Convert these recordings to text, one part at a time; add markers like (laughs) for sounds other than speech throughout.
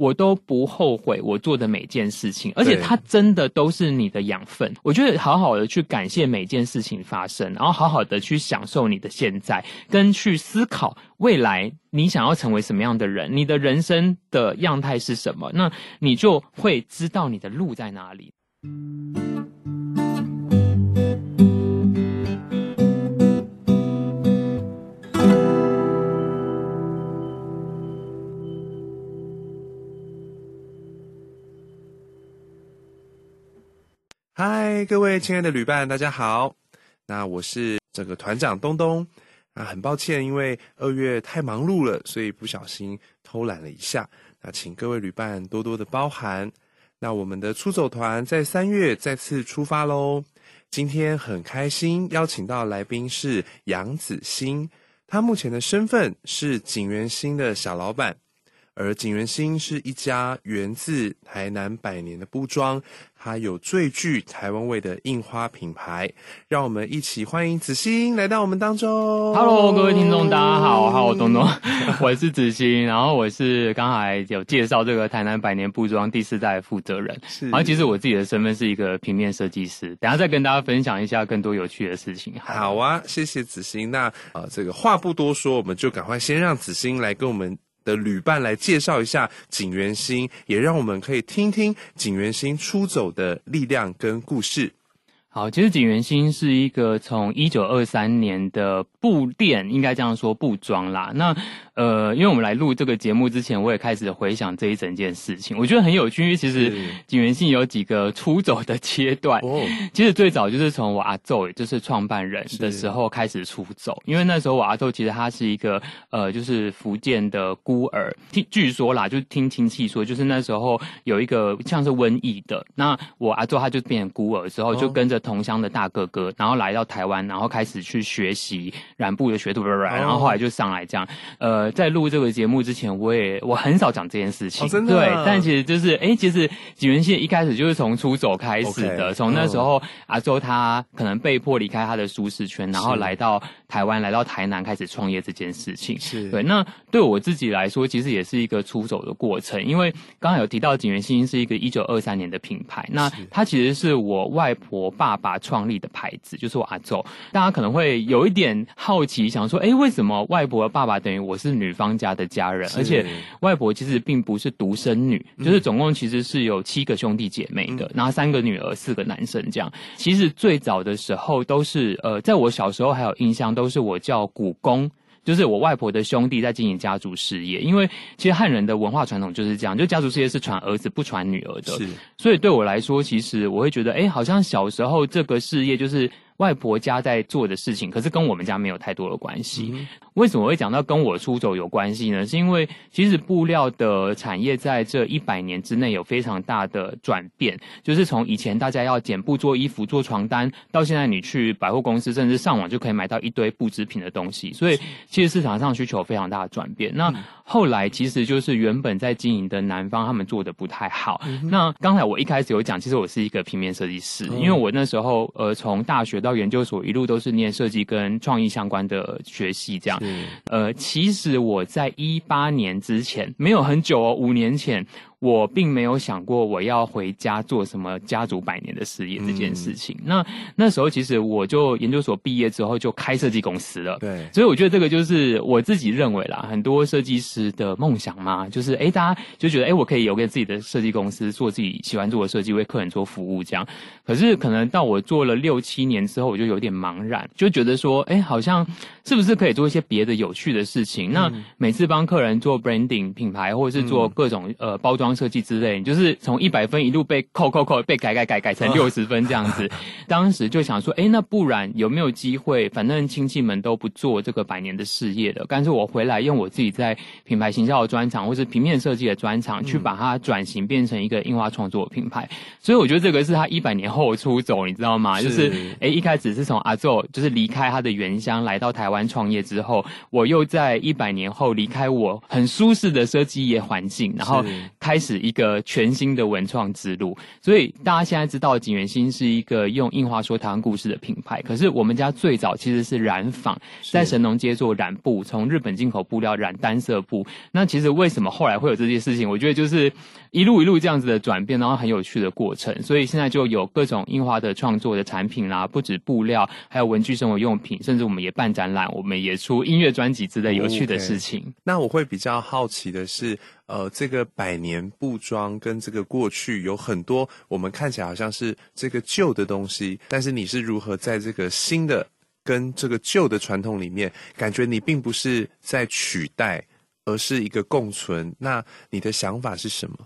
我都不後悔我做的每件事情，而且它真的都是你的養分。我覺得好好的去感謝每件事情發生，然後好好的去享受你的現在，跟去思考未來你想要成為什麼樣的人，你的人生的樣態是什麼，那你就會知道你的路在哪裡。嗨，各位親愛的旅伴，大家好。那我是這個團長東東。那很抱歉，因為二月太忙碌了，所以不小心偷懶了一下。那請各位旅伴多多的包涵。那我們的出走團在三月再次出發嘍。今天很開心，邀請到來賓是楊子興。他目前的身份是錦源興的小老闆。而錦源興是一家源自台南百年的布莊，它有最具台灣味的印花品牌。讓我們一起歡迎子興來到我們當中。Hello，各位聽眾，大家好， (laughs) 好，我是東東，我是子興。 (laughs) 然後我是剛才有介紹這個台南百年布莊第四代負責人，是。然後其實我自己的身份是一個平面設計師，等一下再跟大家分享一下更多有趣的事情。好，好啊，謝謝子興。那呃這個話不多說，我們就趕快先讓子興來跟我們。的旅伴，來介紹一下錦源興，也讓我們可以聽聽錦源興出走的力量跟故事。好，其實錦源興是一個從一九二三年的布店，應該這樣說布莊啦。那呃，因為我們來錄這個節目之前，我也開始回想這一整件事情，我覺得很有趣。因為其實錦源興有幾個出走的階段、哦，其實最早就是從我阿祖，也就是創辦人的時候開始出走。因為那時候我阿祖其實他是一個呃，就是福建的孤兒。聽據說啦，就聽親戚說，就是那時候有一個像是瘟疫的，那我阿祖他就變成孤兒之後，就跟着同鄉的大哥哥、哦，然後來到台灣，然後開始去學習染布的學徒，然後，然後後來就上來這樣，呃。在錄這個節目之前，我也我很少講這件事情、哦，真的啊，對，但其實就是，哎、欸，其實錦源興一開始就是從出走開始的，從、okay. 那時候、oh. 阿周他可能被迫離開他的舒適圈，然後來到台灣，來到台南開始創業這件事情，是，對。那對我自己來說，其實也是一個出走的過程，因為剛剛有提到錦源興是一個一九二三年的品牌，那它其實是我外婆爸爸創立的牌子，就是我阿周，大家可能會有一點好奇，想說，哎、欸，為什麼外婆爸爸等於我是？是女方家的家人，而且外婆其實並不是獨生女，是就是總共其實是有七個兄弟姐妹的，嗯、然後三個女兒，四個男生。這樣其實最早的時候都是呃，在我小時候還有印象，都是我叫姑公就是我外婆的兄弟在經營家族事業。因為其實漢人的文化傳統就是這樣，就家族事業是傳兒子不傳女兒的，是。所以對我來說，其實我會覺得，哎，好像小時候這個事業就是。外婆家在做的事情，可是跟我們家沒有太多的關係。嗯、為什麼會講到跟我出走有關係呢？是因為其實布料的產業在這一百年之內有非常大的轉變，就是從以前大家要剪布做衣服、做床單，到現在你去百貨公司，甚至上網就可以買到一堆布製品的東西。所以，其實市場上需求非常大的轉變。那後來，其實就是原本在經營的南方他們做的不太好嗯嗯。那剛才我一開始有講，其實我是一個平面設計師，嗯、因為我那時候呃從大學到研究所一路都是念設計跟創意相關的學系，這樣。呃，其實我在一八年之前沒有很久哦，五年前我並沒有想過我要回家做什麼家族百年的事業這件事情。嗯、那那時候其實我就研究所畢業之後就開設計公司了，對。所以我覺得這個就是我自己認為啦，很多設計師的夢想嘛，就是哎，大家就覺得哎，我可以有個自己的設計公司，做自己喜歡做的設計，為客人做服務這樣。可是可能到我做了六七年之後，我就有點茫然，就覺得說，哎、欸，好像是不是可以做一些別的有趣的事情？嗯、那每次幫客人做 branding 品牌，或者是做各種呃包裝設計之類，嗯、就是從一百分一路被扣扣扣，被改改改改，改成六十分這樣子。哦、 (laughs) 當時就想說，哎、欸，那不然有沒有機會？反正親戚們都不做這個百年的事業的，但是我回來用我自己在品牌形象的專長，或是平面設計的專長、嗯，去把它轉型變成一個印花創作的品牌。所以我覺得這個是他一百年後。後出走，你知道嗎？是就是哎，一開始是從阿宙，就是離開他的原鄉，來到台灣創業之後，我又在一百年後離開我很舒適的設計業環境，然後開始一個全新的文創之路。所以大家現在知道錦源興是一個用印花說台灣故事的品牌。可是我們家最早其實是染坊，在神農街做染布，從日本進口布料染單色布。那其實為什麼後來會有這些事情？我覺得就是。一路一路這樣子的轉變，然後很有趣的過程，所以現在就有各種印花的創作的產品啦、啊，不止布料，還有文具、生活用品，甚至我們也辦展覽，我們也出音樂專輯之類有趣的事情。Okay. 那我會比較好奇的是，呃，這個百年布莊跟這個過去有很多我們看起來好像是這個舊的東西，但是你是如何在這個新的跟這個舊的傳統裡面，感覺你並不是在取代，而是一個共存。那你的想法是什麼？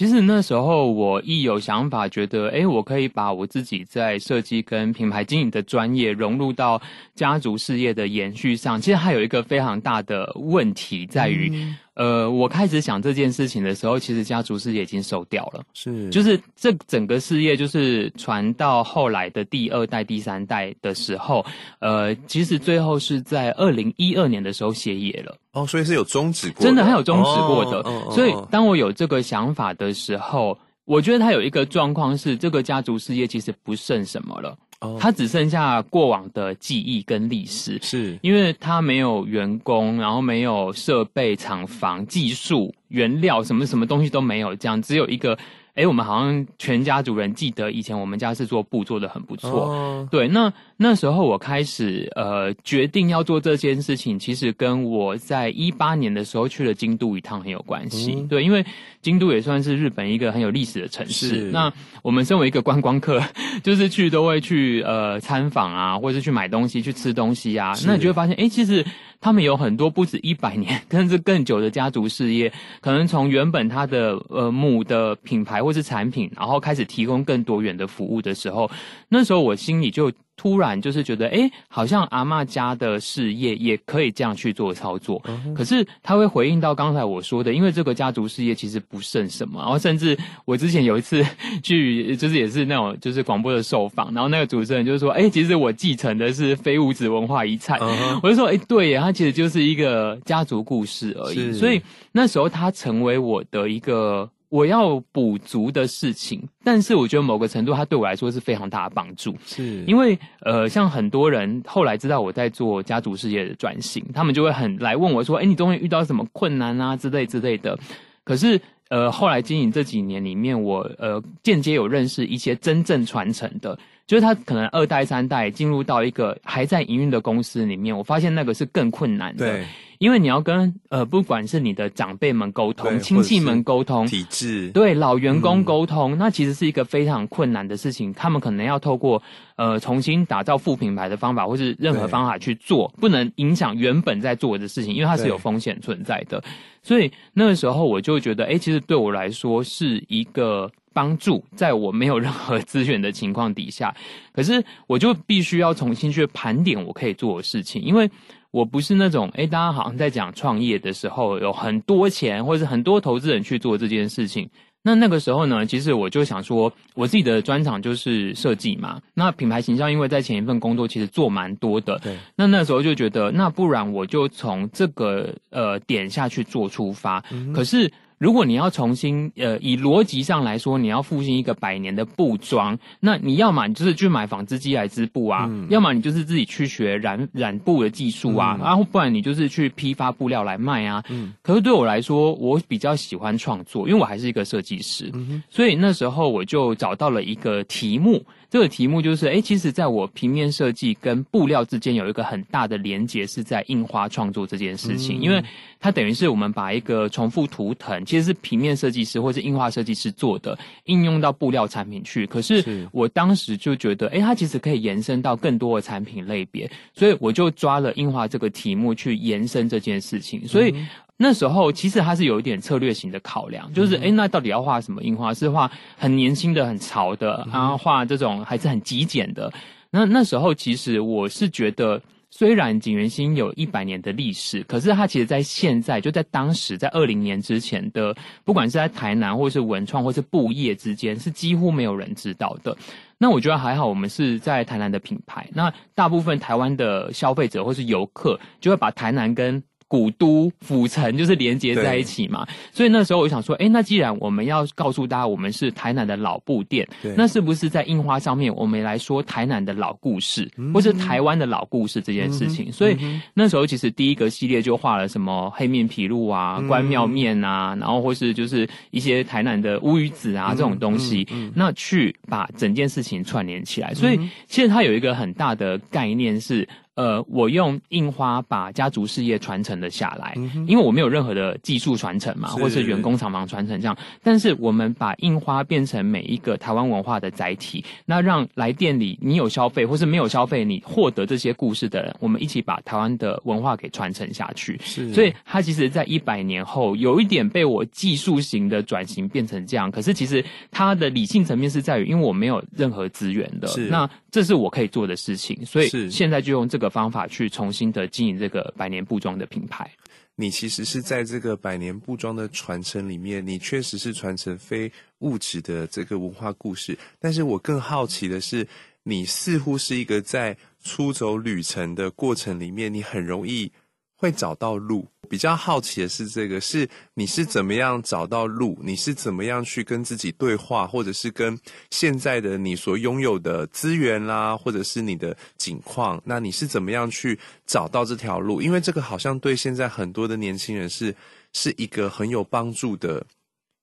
其實那時候，我一有想法，覺得，誒、欸，我可以把我自己在設計跟品牌經營的專業融入到家族事業的延續上。其實還有一個非常大的問題在於，嗯呃，我開始想這件事情的時候，其實家族事業已經收掉了，是，就是這整個事業就是傳到後來的第二代、第三代的時候，呃，其實最後是在二零一二年的時候歇業了。哦，所以是有終止過的。真的還有終止過的、哦。所以當我有這個想法的時候，哦哦哦、我覺得它有一個狀況是，這個家族事業其實不剩什麼了。它只剩下過往的記憶跟歷史，是，因為它沒有員工，然後沒有設備、廠房、技術、原料，什麼什麼東西都沒有，這樣只有一個。哎，我們好像全家族人記得以前我們家是做布做的很不錯。哦、對，那那時候我開始呃決定要做這件事情，其實跟我在一八年的時候去了京都一趟很有關係、嗯。對，因為京都也算是日本一個很有歷史的城市。是。那我們身為一個觀光客，就是去都會去呃參訪啊，或者是去買東西、去吃東西啊，那你就會發現，哎，其實。他們有很多不止一百年，甚至更久的家族事業，可能從原本他的呃母的品牌或是產品，然後開始提供更多元的服務的時候，那時候我心裡就。突然就是覺得，哎、欸，好像阿嬤家的事業也可以這樣去做操作。嗯、可是他會回應到剛才我說的，因為這個家族事業其實不剩什麼。然後甚至我之前有一次去，就是也是那種就是廣播的受訪，然後那個主持人就說，哎、欸，其實我繼承的是非物質文化遺產、嗯。我就說，哎、欸，對呀，他其實就是一個家族故事而已。是所以那時候他成為我的一個。我要補足的事情，但是我覺得某個程度，它對我來說是非常大的幫助。是，因為呃，像很多人後來知道我在做家族事業的轉型，他們就會很來問我說：“誒、欸、你中間遇到什麼困難啊？”之類之類的。可是呃，後來經營這幾年裡面，我呃間接有認識一些真正傳承的。就是他可能二代三代進入到一個還在營運的公司裡面，我發現那個是更困難的，對，因為你要跟呃不管是你的長輩們溝通、親戚們溝通、體制對老員工溝通、嗯，那其實是一個非常困難的事情。他們可能要透過呃重新打造副品牌的方法，或是任何方法去做，不能影響原本在做的事情，因為它是有風險存在的。所以那個時候我就覺得，哎、欸，其實對我來說是一個。幫助，在我沒有任何資源的情況底下，可是我就必須要重新去盤點我可以做的事情，因為我不是那種哎，大家好像在講創業的時候有很多錢，或者是很多投資人去做這件事情。那那個時候呢，其實我就想說，我自己的專長就是設計嘛，那品牌形象，因為在前一份工作其實做蠻多的，對。那那時候就覺得，那不然我就從這個呃點下去做出發，嗯、可是。如果你要重新，呃，以邏輯上來說，你要復興一個百年的布莊，那你要麼你就是去買紡織機來織布啊，嗯、要麼你就是自己去學染染布的技術啊，然、嗯、後、啊、不然你就是去批發布料來賣啊。嗯、可是對我來說，我比較喜歡創作，因為我還是一個設計師、嗯，所以那時候我就找到了一個題目。這個題目就是，誒、欸、其實在我平面設計跟布料之間有一個很大的連結，是在印花創作這件事情，嗯、因為它等於是我們把一個重複圖騰，其實是平面設計師或是印花設計師做的，應用到布料產品去。可是我當時就覺得，誒、欸、它其實可以延伸到更多的產品類別，所以我就抓了印花這個題目去延伸這件事情。所以。嗯那時候其實他是有一點策略型的考量，就是誒、欸、那到底要畫什麼印花？是畫很年輕的、很潮的，然後畫這種還是很極簡的。那那時候其實我是覺得，雖然錦源興有一百年的歷史，可是它其實，在現在就在當時，在二零年之前的，不管是在台南或是文創或是布業之間，是幾乎沒有人知道的。那我覺得還好，我們是在台南的品牌，那大部分台灣的消費者或是遊客就會把台南跟。古都府城就是連接在一起嘛，所以那時候我就想說，哎、欸，那既然我們要告訴大家我們是台南的老布店對，那是不是在印花上面我們來說台南的老故事，或是臺灣的老故事這件事情？嗯、所以、嗯、那時候其實第一個系列就畫了什麼黑面琵鷺啊、嗯、關廟麵啊，然後或是就是一些台南的烏魚子啊、嗯、這種東西、嗯，那去把整件事情串聯起來。所以、嗯、其實它有一個很大的概念是。呃，我用印花把家族事業傳承了下來、嗯，因為我沒有任何的技術傳承嘛，或是員工廠房傳承這樣是是。但是我們把印花變成每一個台灣文化的載體，那讓來店裡你有消費或是沒有消費，你獲得這些故事的人，我們一起把台灣的文化給傳承下去是、啊。所以它其實，在一百年後有一點被我技術型的轉型變成這樣。可是其實它的理性層面是在於，因為我沒有任何資源的，那這是我可以做的事情。所以現在就用這個。個方法去重新的經營這個百年布莊的品牌。你其實是在這個百年布莊的傳承裡面，你確實是傳承非物質的這個文化故事。但是我更好奇的是，你似乎是一個在出走旅程的過程裡面，你很容易會找到路。比較好奇的是，這個是你是怎麼樣找到路？你是怎麼樣去跟自己對話，或者是跟現在的你所擁有的資源啦，或者是你的景況？那你是怎麼樣去找到這條路？因為這個好像對現在很多的年輕人是是一個很有幫助的。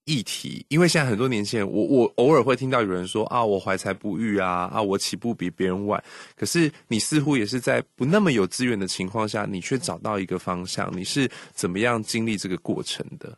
議題，因為現在很多年輕人，我我偶爾會聽到有人說啊，我懷才不遇啊，啊，我起步比別人晚。可是你似乎也是在不那麼有資源的情況下，你卻找到一個方向。你是怎麼樣經歷這個過程的？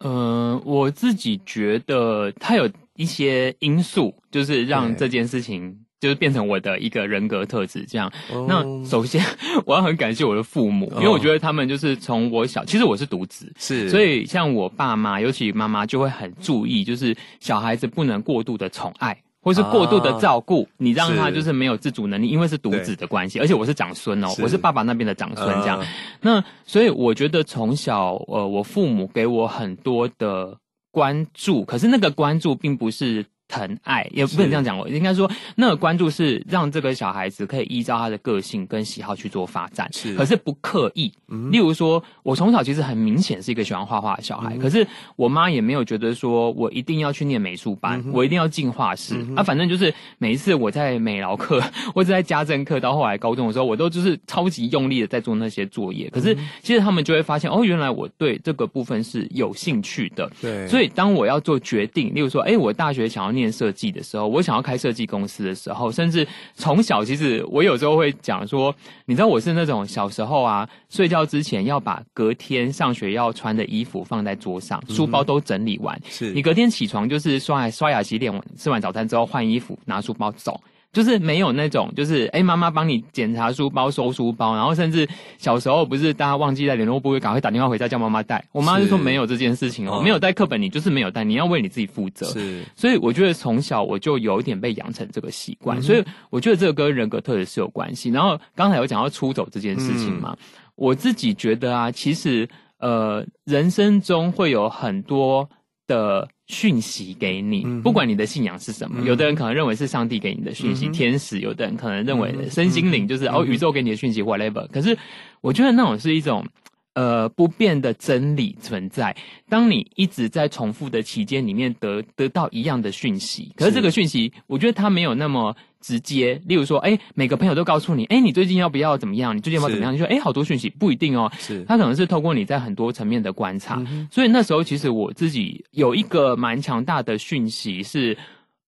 嗯、呃，我自己覺得它有一些因素，就是讓這件事情。就是變成我的一個人格特質這樣。Oh. 那首先，我要很感謝我的父母，oh. 因為我覺得他們就是從我小，其實我是獨子，是，所以像我爸媽，尤其媽媽就會很注意，就是小孩子不能過度的寵愛，或是過度的照顧，oh. 你讓他就是沒有自主能力。Oh. 因為是獨子的關係，oh. 而且我是長孫哦、喔，oh. 我是爸爸那邊的長孫這樣。Oh. 那所以我覺得從小，呃，我父母給我很多的關注，可是那個關注並不是。疼愛也不能這樣講，我應該說，那個關注是讓這個小孩子可以依照他的個性跟喜好去做發展，是可是不刻意。嗯、例如說，我從小其實很明顯是一個喜歡畫畫的小孩，嗯、可是我媽也沒有覺得說我一定要去念美術班、嗯，我一定要進畫室啊。反正就是每一次我在美勞課或者在家政課到後來高中的時候，我都就是超級用力的在做那些作業、嗯。可是其實他們就會發現，哦，原來我對這個部分是有興趣的。對，所以當我要做決定，例如說，哎、欸，我大學想要念。設計的時候，我想要開設計公司的時候，甚至從小，其實我有時候會講說，你知道我是那種小時候啊，睡覺之前要把隔天上學要穿的衣服放在桌上，嗯、書包都整理完，是你隔天起床就是刷牙刷牙洗臉，吃完早餐之後換衣服拿書包走。就是沒有那種，就是誒媽媽幫你檢查書包、收書包，然後甚至小時候不是大家忘記帶聯絡簿，會趕快打電話回家叫媽媽帶。我媽就說沒有這件事情哦，沒有帶課本，你就是沒有帶，你要為你自己負責。是，所以我覺得從小我就有一點被養成這個習慣、嗯，所以我覺得這個跟人格特質是有關係。然後剛才有講到出走這件事情嘛、嗯，我自己覺得啊，其實呃，人生中會有很多。的訊息給你，不管你的信仰是什麼，嗯、有的人可能認為是上帝給你的訊息、嗯，天使；有的人可能認為身心靈，就是、嗯、哦宇宙給你的訊息，whatever。可是我覺得那種是一種呃不變的真理存在，當你一直在重複的期間裡面得得到一樣的訊息，可是這個訊息，我覺得它沒有那麼直接，例如說，哎，每個朋友都告訴你，哎，你最近要不要怎麼樣？你最近要不要怎麼樣？你說，哎，好多訊息，不一定哦。是，他可能是透過你在很多層面的觀察。嗯。所以那時候，其實我自己有一個蠻強大的訊息，是，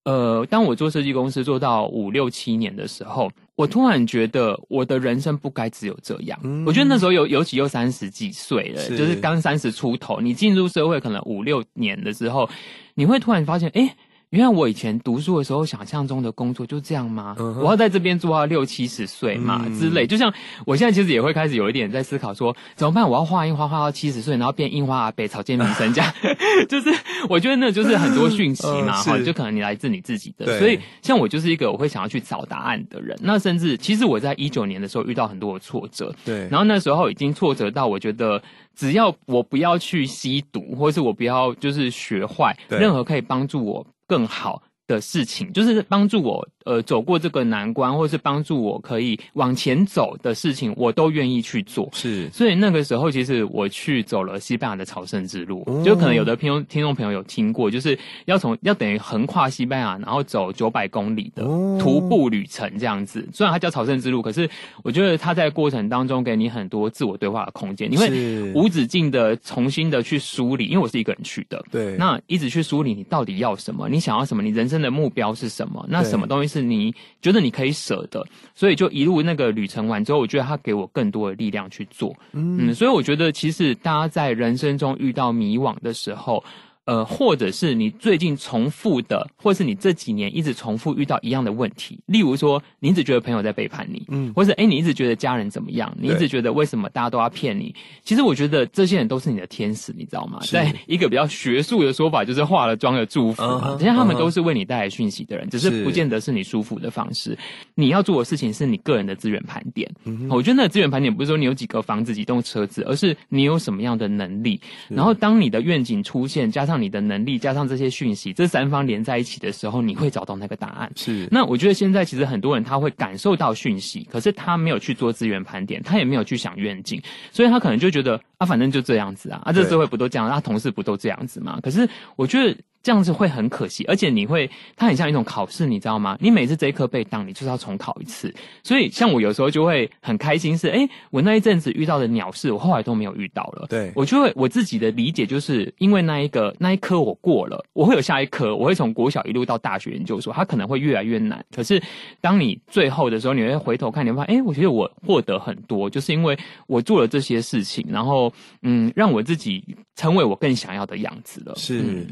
呃，當我做設計公司做到五六七年的時候，我突然覺得我的人生不該只有這樣。嗯。我覺得那時候尤尤其又三十幾歲了，是，就是剛三十出頭，你進入社會可能五六年的時候，你會突然發現，哎。因為我以前讀書的時候，想象中的工作就這樣嗎？Uh -huh. 我要在這邊做到六七十歲嘛、嗯、之類。就像我現在其實也會開始有一點在思考說，說怎麼辦？我要畫印花畫到七十歲，然後變印花阿伯草煎餅神家， (laughs) (laughs) 就是我覺得那就是很多訊息嘛、uh -huh.，就可能你來自你自己的。所以像我就是一個我會想要去找答案的人。那甚至其實我在一九年的時候遇到很多的挫折，對，然後那時候已經挫折到我覺得只要我不要去吸毒，或是我不要就是學壞，任何可以幫助我，更好。的事情，就是幫助我呃走過這個難關，或是幫助我可以往前走的事情，我都願意去做。是，所以那個時候，其實我去走了西班牙的朝聖之路。哦，就可能有的聽眾聽眾朋友有聽過，就是要從要等於橫跨西班牙，然後走九百公里的徒步旅程這樣子。哦。雖然它叫朝聖之路，可是我覺得它在過程當中給你很多自我對話的空間。你會無止境的重新的去梳理，因為我是一個人去的，對，那一直去梳理你到底要什麼，你想要什麼，你人生。真的目標是什麼？那什麼東西是你覺得你可以捨得？所以就一路那個旅程完之後，我覺得他給我更多的力量去做。嗯，嗯，所以我覺得其實大家在人生中遇到迷惘的時候。呃，或者是你最近重複的，或是你這幾年一直重複遇到一樣的問題，例如說，你一直覺得朋友在背叛你，嗯，或者是哎、欸，你一直覺得家人怎麼樣？你一直覺得為什麼大家都要騙你？其實我覺得這些人都是你的天使，你知道嗎？在一個比較學術的說法，就是化了妝的祝福人家、uh -huh, 他們都是為你帶來訊息的人、uh -huh，只是不見得是你舒服的方式。你要做的事情是你個人的資源盤點、嗯。我覺得那個資源盤點不是說你有幾個房子、幾棟車子，而是你有什麼樣的能力。然後，當你的願景出現，加上你的能力加上這些訊息，這三方連在一起的時候，你會找到那個答案。是。那我覺得現在其實很多人他會感受到訊息，可是他沒有去做資源盤點，他也沒有去想願景，所以他可能就覺得啊，反正就這樣子啊，啊，這社會不都這樣，他、啊、同事不都這樣子嘛。可是我覺得。這樣子會很可惜，而且你會，它很像一種考試，你知道嗎？你每次這一科被當，你就是要重考一次。所以，像我有時候就會很開心是，是、欸、哎，我那一陣子遇到的鳥事，我後來都沒有遇到了。對我就會我自己的理解，就是因為那一個那一科我過了，我會有下一科，我會從國小一路到大學研究所，它可能會越來越難。可是，當你最後的時候，你會回頭看，你會發現，哎、欸，我覺得我獲得很多，就是因為我做了這些事情，然後嗯，讓我自己成為我更想要的樣子了。是。嗯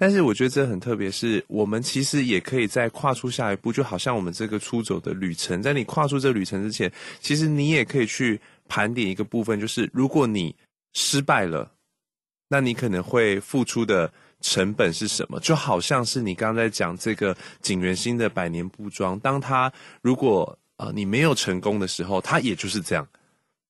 但是我覺得這很特別，是，我們其實也可以再跨出下一步，就好像我們這個出走的旅程，在你跨出這旅程之前，其實你也可以去盤點一個部分，就是如果你失敗了，那你可能會付出的成本是什麼？就好像是你剛才講這個錦源興的百年布莊，當他如果啊你沒有成功的時候，他也就是這樣，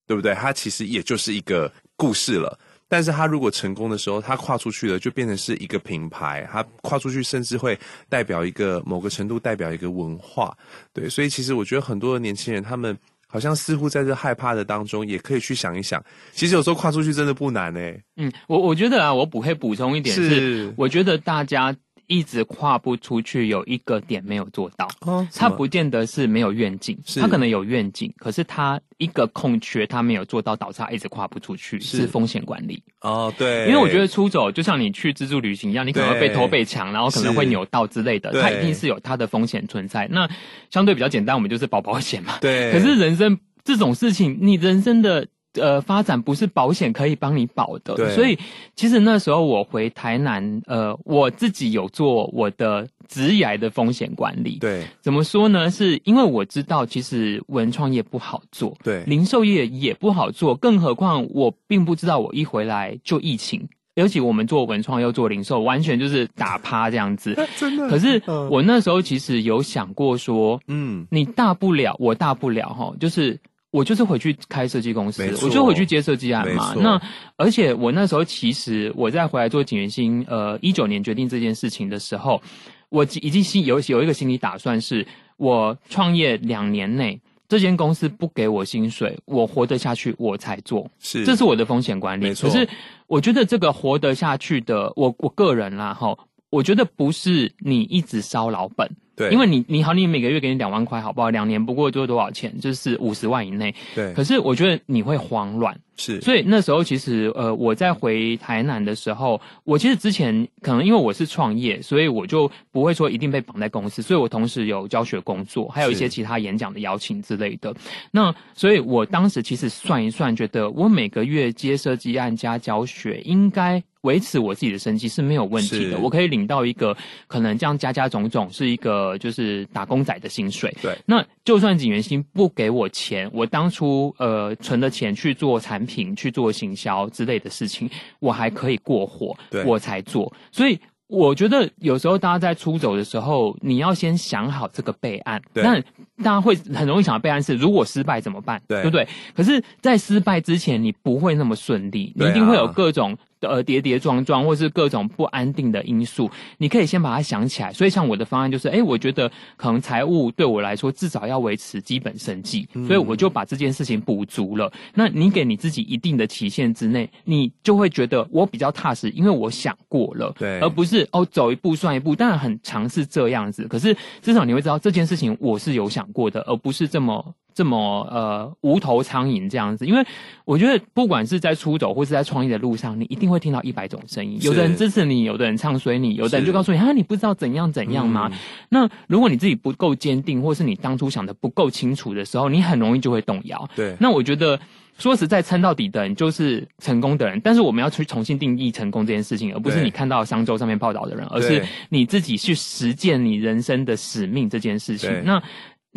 對不對？他其實也就是一個故事了。但是他如果成功的時候，他跨出去了，就變成是一個品牌。他跨出去，甚至會代表一個某個程度，代表一個文化。對，所以其實我覺得很多的年輕人，他們好像似乎在這害怕的當中，也可以去想一想，其實有時候跨出去真的不難誒。嗯，我我覺得啊，我補可以補充一點是，是，我覺得大家。一直跨不出去，有一個點沒有做到，哦、他不見得是沒有願景是，他可能有願景，可是他一個空缺，他沒有做到導致，倒一直跨不出去，是，是風險管理哦，對，因為我覺得出走就像你去自助旅行一樣，你可能會被偷被搶，然後可能會扭到之類的，它一定是有它的風險存在。那相對比較簡單，我們就是保保險嘛，對，可是人生這種事情，你人生的。呃，發展不是保險可以幫你保的。對，所以其實那時候我回台南，呃，我自己有做我的職涯的風險管理。對，怎麼說呢？是因為我知道其實文創業不好做，對，零售業也不好做，更何況我並不知道我一回來就疫情，尤其我們做文創又做零售，完全就是打趴這樣子。 (laughs) 真的？可是我那時候其實有想過說，嗯，你大不了，我大不了齁，就是。我就是回去開設計公司，我就回去接設計案嘛。那而且我那時候其實我在回來做錦源興，呃，一九年決定這件事情的時候，我已經心有有一個心理打算是我，我創業兩年內這間公司不給我薪水，我活得下去我才做，是，這是我的風險管理。可是我覺得這個活得下去的，我我個人啦，齁，我覺得不是你一直燒老本。對，因為你你好，你每個月給你兩萬塊，好不好？兩年不過就多少錢？就是五十萬以內。對。可是我覺得你會慌亂，是。所以那時候其實，呃，我在回台南的時候，我其實之前可能因為我是創業，所以我就不會說一定被綁在公司，所以我同時有教學工作，還有一些其他演講的邀請之類的。那所以，我當時其實算一算，覺得我每個月接設計案加教學，應該維持我自己的生計是沒有問題的。我可以領到一個可能這樣加加種種是一個。呃，就是打工仔的薪水。對，那就算錦源興不給我錢，我當初呃存的錢去做產品、去做行銷之類的事情，我還可以過活。對，我才做。所以我覺得有時候大家在出走的時候，你要先想好這個備案。對。那大家會很容易想到備案是如果失敗怎麼辦？對，對不對？可是，在失敗之前，你不會那麼順利，你一定會有各種、啊。呃，跌跌撞撞，或是各種不安定的因素，你可以先把它想起來。所以，像我的方案就是，哎、欸，我覺得可能財務對我來說至少要維持基本生計、嗯，所以我就把這件事情補足了。那你給你自己一定的期限之內，你就會覺得我比較踏實，因為我想過了，對，而不是哦走一步算一步。當然，很常是這樣子，可是至少你會知道這件事情我是有想過的，而不是這麼。這麼呃無頭蒼蠅這樣子，因為我覺得不管是在出走或是在創業的路上，你一定會聽到一百種聲音。有的人支持你，有的人唱衰你，有的人就告訴你：“哈，你不知道怎樣怎樣嗎？”嗯、那如果你自己不夠堅定，或是你當初想得不夠清楚的時候，你很容易就會動搖。對。那我覺得說實在，撐到底的人就是成功的人。但是我們要去重新定義成功這件事情，而不是你看到商周上面報道的人，而是你自己去實踐你人生的使命這件事情。那。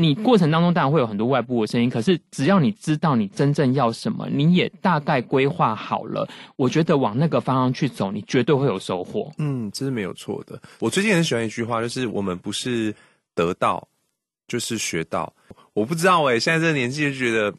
你過程當中當然會有很多外部的聲音，可是只要你知道你真正要什麼，你也大概規劃好了，我覺得往那個方向去走，你絕對會有收穫。嗯，這是沒有錯的。我最近很喜歡一句話，就是我們不是得到就是學到。我不知道誒，現在這個年紀就覺得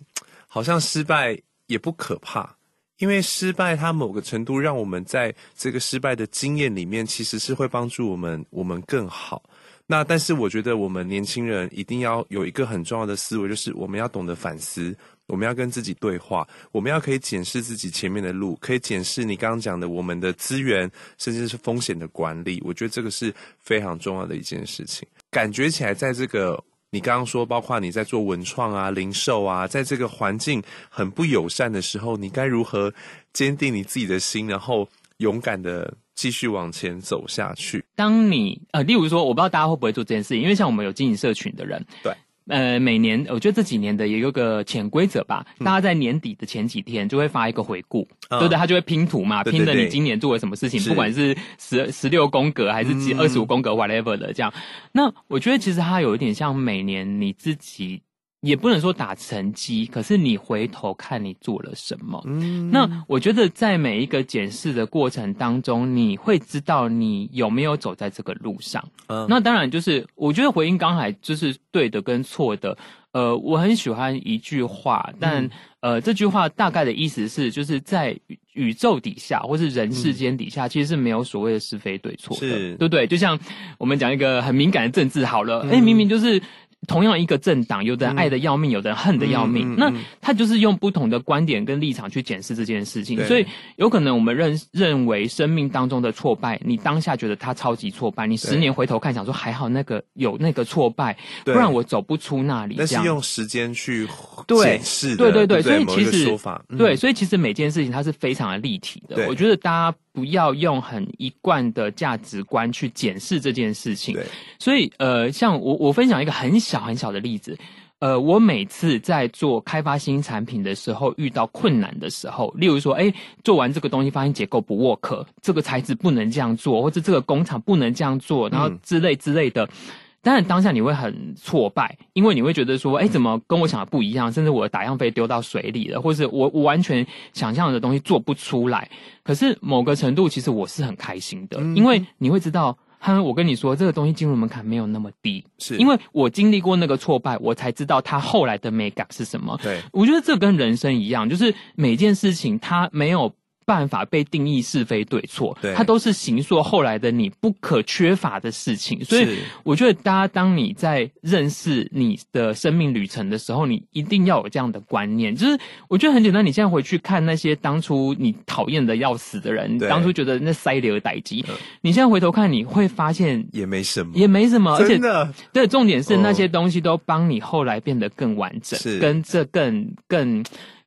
好像失敗也不可怕，因為失敗它某個程度讓我們在這個失敗的經驗裡面，其實是會幫助我們，我們更好。那但是我覺得我們年輕人一定要有一個很重要的思維，就是我們要懂得反思，我們要跟自己對話，我們要可以檢視自己前面的路，可以檢視你剛剛講的我們的資源，甚至是風險的管理。我覺得這個是非常重要的一件事情。感覺起來，在這個你剛剛說，包括你在做文創啊、零售啊，在這個環境很不友善的時候，你該如何堅定你自己的心，然後，勇敢的繼續往前走下去。當你呃，例如說，我不知道大家會不會做這件事情，因為像我們有經營社群的人，對，呃，每年我覺得這幾年的也有個潛規則吧、嗯，大家在年底的前幾天就會發一個回顧、嗯，對不對，他就會拼圖嘛，嗯、拼的你今年做了什麼事情，對對對，不管是十十六宮格還是幾二十五宮格、嗯、whatever 的這樣。那我覺得其實它有一點像每年你自己。也不能說打成績，可是你回頭看你做了什麼。嗯，那我覺得在每一個檢視的過程當中，你會知道你有沒有走在這個路上。嗯，那當然就是，我覺得回應剛才就是對的跟錯的。呃，我很喜歡一句話，但、嗯、呃，這句話大概的意思是，就是在宇宙底下或是人世間底下、嗯，其實是沒有所謂的是非對錯的，是，對不對？就像我們講一個很敏感的政治好了，誒、嗯欸，明明就是。同樣一個政黨，有的人愛得要命，嗯、有的人恨得要命，嗯嗯嗯。那他就是用不同的觀點跟立場去檢視這件事情。所以有可能我們認認為生命當中的挫敗，你當下覺得他超級挫敗，你十年回頭看，想說還好那個有那個挫敗，不然我走不出那裡這樣。那是用時間去檢視的。對對對對，所以其實、嗯、對，所以其實每件事情它是非常的立體的。我覺得大家。不要用很一貫的價值觀去檢視這件事情。對，所以呃，像我我分享一個很小很小的例子，呃，我每次在做開發新產品的時候遇到困難的時候，例如說，哎、欸，做完這個東西發現結構不 work，這個材質不能這樣做，或者這個工廠不能這樣做，然後之類之類的。嗯但當，當下你會很挫敗，因為你會覺得說，哎、欸，怎麼跟我想的不一樣？甚至我的打樣費丟到水裡了，或是我我完全想象的東西做不出來。可是某個程度，其實我是很開心的，因為你會知道，哈，我跟你說，這個東西進入門檻沒有那麼低，是因為我經歷過那個挫敗，我才知道它後來的美感是什麼。對，我覺得這跟人生一樣，就是每件事情它沒有。辦法被定義是非對錯，對，它都是形塑後來的你不可缺乏的事情。所以我覺得，大家當你在認識你的生命旅程的時候，你一定要有這樣的觀念。就是我覺得很簡單，你現在回去看那些當初你討厭的要死的人，當初覺得那塞流爾歹基，你現在回頭看，你會發現也沒什麼，也沒什麼。真的，而且，對，重點是那些東西都幫你後來變得更完整，oh, 跟這更更。更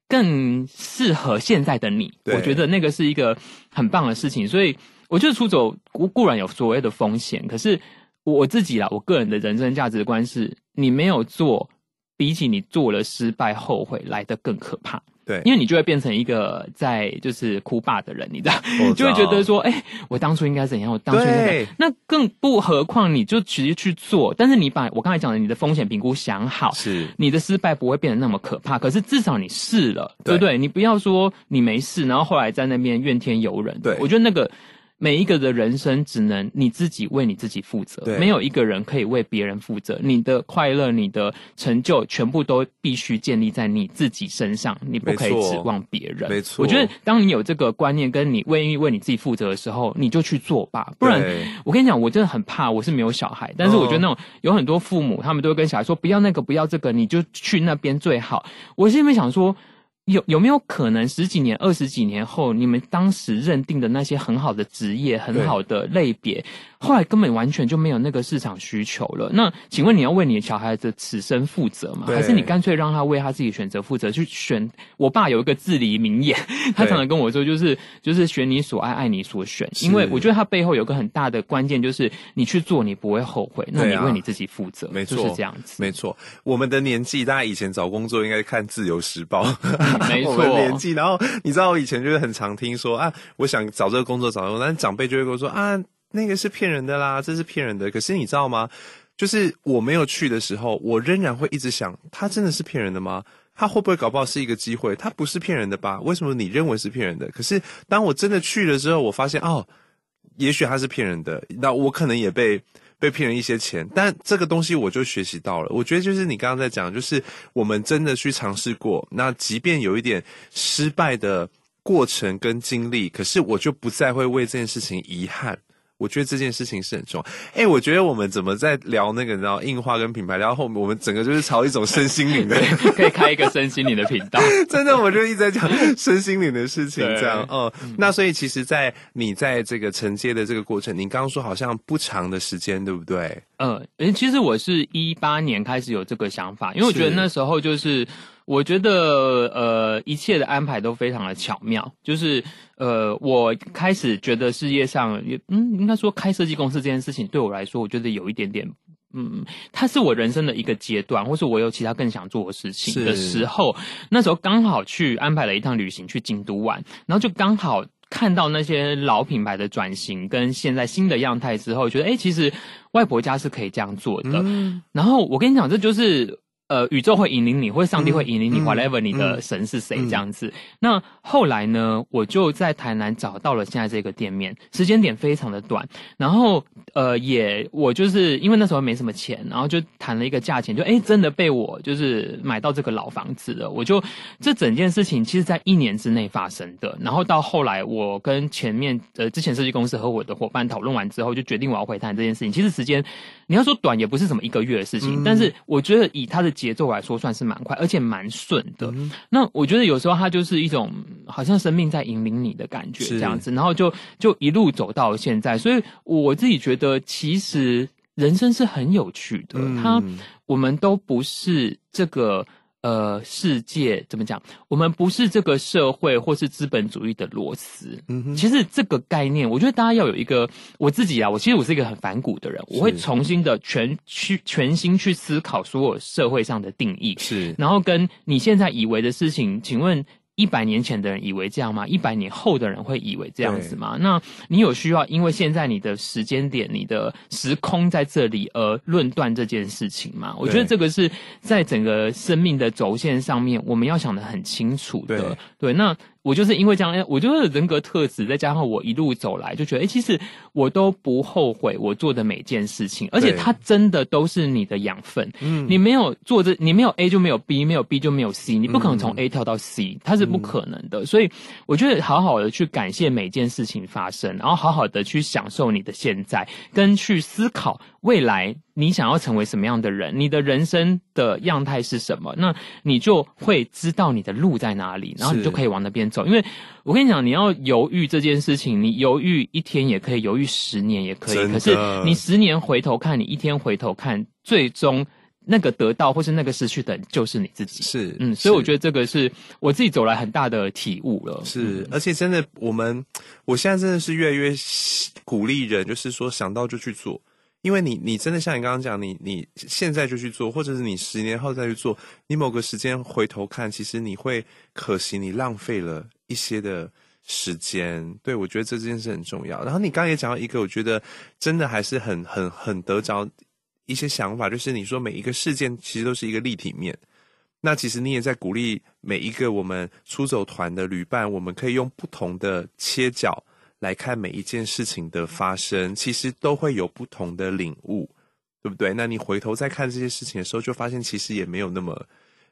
更適合現在的你，我覺得那個是一個很棒的事情。所以我覺得出走固固然有所謂的風險，可是我自己啦，我個人的人生價值觀是：你沒有做，比起你做了失敗、後悔來得更可怕。對，因為你就會變成一個在就是哭爸的人，你知道，oh, so. 就會覺得說，哎、欸，我當初應該怎樣？我當初應該怎樣，那更不，何況你就直接去做，但是你把我剛才講的你的風險評估想好，是你的失敗不會變得那麼可怕。可是至少你試了，對，對不對？你不要說你沒試，然後後來在那邊怨天尤人。對，我覺得那個。每一個的人生只能你自己為你自己負責，沒有一個人可以為別人負責。你的快樂、你的成就，全部都必須建立在你自己身上，你不可以指望別人。沒錯，我覺得當你有這個觀念，跟你願意為你自己負責的時候，你就去做吧。不然，我跟你講，我真的很怕，我是沒有小孩，但是我覺得那種、嗯、有很多父母，他們都會跟小孩說：“不要那個，不要這個，你就去那邊最好。”我心裡面想說。有有沒有可能十幾年、二十幾年後，你們當時認定的那些很好的職業、很好的類別，後來根本完全就沒有那個市場需求了？那請問你要為你的小孩子此生負責嗎？還是你乾脆讓他為他自己選擇負責？去選，我爸有一個至理名言，他常常跟我說、就是，就是就是選你所愛，愛你所選。因為我覺得他背後有個很大的關鍵，就是你去做，你不會後悔。那你為你自己負責，沒錯、啊、就是這樣子。沒錯，我們的年紀，大家以前找工作應該看《自由時報。》 (laughs) 沒錯、啊，我年紀，然後你知道我以前就是很常聽說啊，我想找這個工作找用，但長輩就會跟我說啊，那個是騙人的啦，這是騙人的。可是你知道嗎？就是我沒有去的時候，我仍然會一直想，他真的是騙人的嗎？他會不會搞不好是一個機會？他不是騙人的吧？為什麼你認為是騙人的？可是當我真的去了之後，我發現哦，也許他是騙人的，那我可能也被。被騙了一些錢，但這個東西我就學習到了。我覺得就是你剛剛在講，就是我們真的去嘗試過，那即便有一點失敗的過程跟經歷，可是我就不再會為這件事情遺憾。我覺得這件事情是很重要。哎、欸，我覺得我們怎麼在聊那個，然後印花跟品牌，然後我們整個就是朝一種身心靈的， (laughs) 可以開一個身心靈的頻道。 (laughs) 真的，我就一直在講身心靈的事情，這樣。嗯，那所以其實，在你在這個承接的這個過程，你剛剛說好像不長的時間，對不對？嗯、呃，其實我是一八年開始有這個想法，因為我覺得那時候就是。我覺得，呃，一切的安排都非常的巧妙。就是，呃，我開始覺得事業上，嗯，應該說開設計公司這件事情對我來說，我覺得有一點點，嗯，它是我人生的一個階段，或是我有其他更想做的事情的時候，那時候剛好去安排了一趟旅行去京都玩，然後就剛好看到那些老品牌的轉型跟現在新的樣態之後，覺得，哎、欸，其實外婆家是可以這樣做的。嗯、然後我跟你講，這就是。呃，宇宙會引領你，或者上帝會引領你，嗯嗯，whatever 你的神是誰，嗯，這樣子。那後來呢，我就在台南找到了現在這個店面，時間點非常的短。然後，呃，也我就是因為那時候沒什麼錢，然後就談了一個價錢，就哎，真的被我就是買到這個老房子了。我就這整件事情，其實在一年之內發生的。然後到後來，我跟前面呃之前設計公司和我的夥伴討論完之後，就決定我要回台南這件事情。其實時間你要說短，也不是什麼一個月的事情，嗯，但是我覺得以他的。節奏來說算是蠻快，而且蠻順的。嗯。那我覺得有時候它就是一種好像生命在引領你的感覺這樣子，然後就就一路走到了現在。所以我自己覺得，其實人生是很有趣的。嗯。它我們都不是這個。呃，世界怎麼講？我們不是這個社會或是資本主義的螺絲。嗯哼。其實這個概念，我覺得大家要有一個，我自己啊，我其實我是一個很反骨的人，我會重新的全去全心去思考所有社會上的定義，是，然後跟你現在以為的事情，請問。一百年前的人以為這樣嗎？一百年後的人會以為這樣子嗎？那你有需要因為現在你的時間點、你的時空在這裡而論斷這件事情嗎？我覺得這個是在整個生命的軸線上面，我們要想得很清楚的。對，對那。我就是因為這樣，欸，我就是人格特質，再加上我一路走來，就覺得，誒，欸，其實我都不後悔我做的每件事情，而且它真的都是你的養分。嗯，你沒有做這，你沒有 A 就沒有 B，沒有 B 就沒有 C，你不可能從 A 跳到 C，嗯，它是不可能的。所以我覺得，好好的去感謝每件事情發生，然後好好的去享受你的現在，跟去思考。未來你想要成為什麼樣的人？你的人生的樣態是什麼？那你就會知道你的路在哪裡，然後你就可以往那邊走。因為我跟你講，你要猶豫這件事情，你猶豫一天也可以，猶豫十年也可以。可是你十年回頭看，你一天回頭看，最終那個得到或是那個失去的就是你自己。是，嗯，所以我覺得這個是我自己走來很大的體悟了。是，嗯，而且真的，我們我現在真的是越來越鼓勵人，就是說想到就去做。因為你，你真的像你剛剛講，你你現在就去做，或者是你十年後再去做，你某個時間回頭看，其實你會可惜，你浪費了一些的時間。對，我覺得這件事很重要。然後你剛剛也講到一個，我覺得真的還是很很很得着一些想法，就是你說每一個事件其實都是一個立體面。那其實你也在鼓勵每一個我們出走團的旅伴，我們可以用不同的切角。來看每一件事情的發生，其實都會有不同的領悟，對不對？那你回頭再看這些事情的時候，就發現其實也沒有那麼、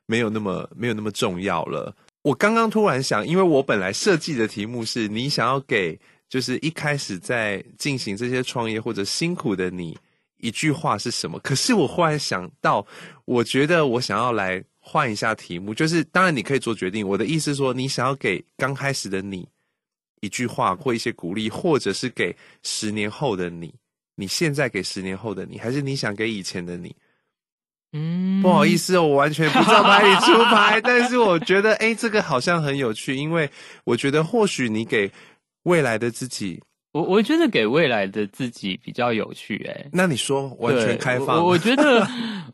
沒有那麼、沒有那麼重要了。我剛剛突然想，因為我本來設計的題目是你想要給，就是一開始在進行這些創業或者辛苦的你，一句話是什麼？可是我忽然想到，我覺得我想要來換一下題目，就是當然你可以做決定。我的意思是說，你想要給剛開始的你。一句話，或一些鼓勵，或者是給十年後的你，你現在給十年後的你，還是你想給以前的你？嗯，不好意思，我完全不照牌理出牌， (laughs) 但是我覺得，哎、欸，這個好像很有趣，因為我覺得或許你給未來的自己，我我覺得給未來的自己比較有趣、欸，哎，那你說完全開放？我,我覺得